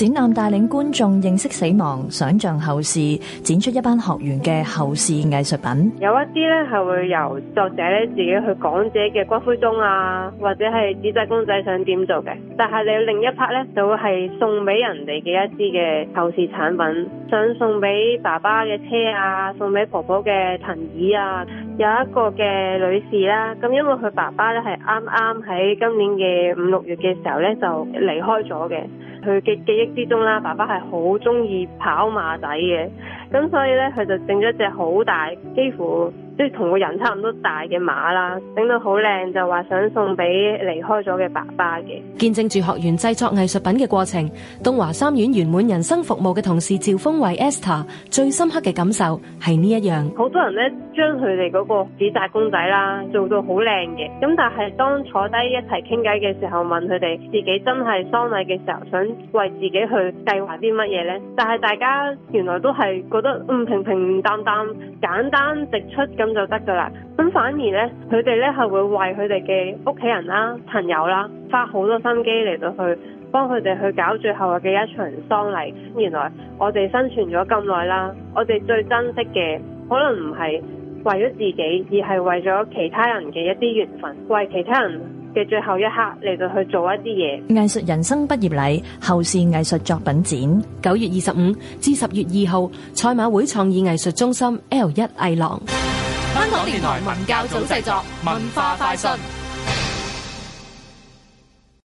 展覽帶領觀眾認識死亡，想象後事，展出一班學員嘅後事藝術品。有一啲咧係會由作者咧自己去講自己嘅骨灰盅啊，或者係紙紮公仔想點做嘅。但係你另一 part 咧就會係送俾人哋嘅一啲嘅後事產品，想送俾爸爸嘅車啊，送俾婆婆嘅藤椅啊。有一個嘅女士啦，咁因為佢爸爸咧係啱啱喺今年嘅五六月嘅時候咧就離開咗嘅。佢嘅記憶之中啦，爸爸係好中意跑馬仔嘅，咁所以咧，佢就整咗隻好大，幾乎。即係同個人差唔多大嘅馬啦，整到好靚，就話想送俾離開咗嘅爸爸嘅。見證住學員製作藝術品嘅過程，東華三院圓滿人生服務嘅同事趙峰為 Esther 最深刻嘅感受係呢一樣。好多人咧，將佢哋個紙紮公仔啦，做到好靚嘅。咁但係當坐低一齊傾偈嘅時候，問佢哋自己真係喪禮嘅時候，想為自己去計劃啲乜嘢咧？但係大家原來都係覺得嗯，平平淡淡、簡單直出咁。就得噶啦，咁反而呢，佢哋呢係會為佢哋嘅屋企人啦、朋友啦，花好多心機嚟到去幫佢哋去搞最後嘅一場喪禮。原來我哋生存咗咁耐啦，我哋最珍惜嘅可能唔係為咗自己，而係為咗其他人嘅一啲緣分，為其他人嘅最後一刻嚟到去做一啲嘢。藝術人生畢業禮、後事藝術作品展，九月二十五至十月二號，賽馬會創意藝術中心 L 一藝廊。香港電台文教組製作，文化快訊。